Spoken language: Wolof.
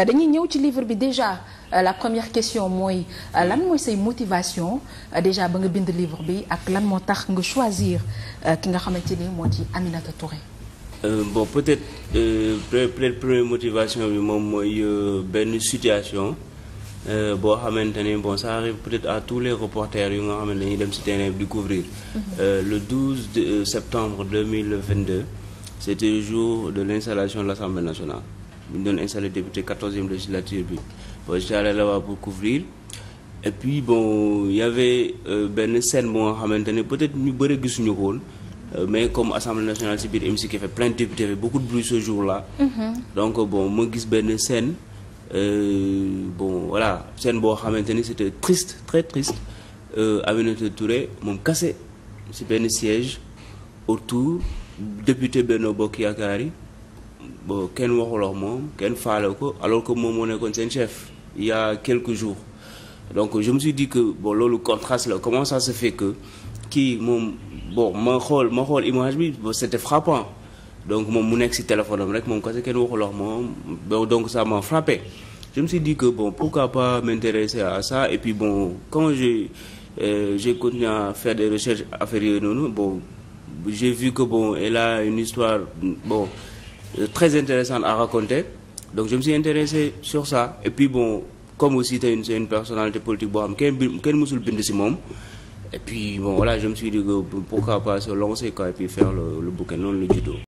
Euh, dañuy ñëw ci livre bi déjà euh, la première question mooy euh, lan mooy say motivation déjà ba nga bind livre bi ak lan moo tax nga choisir ki nga xamante ni moo ci Aminata Touré. Euh, bon peut-être euh, peut-être première motivation bi moom mooy benn situation boo xamante ne bon ça arrive peut-être à tous les reporters yu nga xam ne dañuy dem ci terrain bi di couvrir. Mm-hmm. le 12 de septembre 2022 c'était le jour de l'installation de l'Assemblée nationale. bu ñu doon installé député quatorzième législature bi bon j'allais là-bas pour couvrir et puis bon y avait euh, benn scène boo nga xamante ne peut-être ñu bëri gisuñu ko woon euh, mais comme assemblée nationale si biir hémicycle fait plein de députés fait beaucoup de bruit ce jour la mm-hmm. donc bon ma gis benn scène euh, bon voilà scène boo xamante ni c'était triste très triste Aminata Touré moom kase si benn siège autour député Benno Bokk Yaakaar yi. ba kenn waxul ak moom kenn faale ko alors que moom moo nekkoon seen chef il y a quelques jours donc je me suis dit que bon loolu contraste la comment ça fait que kii moom bon ma xool ma xool image bi bon c'était frappant donc moom mu nekk ci téléphone m rek moom kese kenn waxul ak moom donc ça m'a frappé je me suis dit que bon pourquoi pas m'intéresser à ça et puis bon quand j'ai euh, j'ai continué à faire des recherches affaires yooyu noonu bon j'ai vu que bon elle une histoire bon Euh, très intéressante à raconter donc je me suis intéressé sur ça et puis bon comme aussi c'est une, une personnalité politique boo xam kenn bind ci moom et puis bon voilà je me suis dit que pourquoi pas se lancer quoi et faire le le bouquin noonu la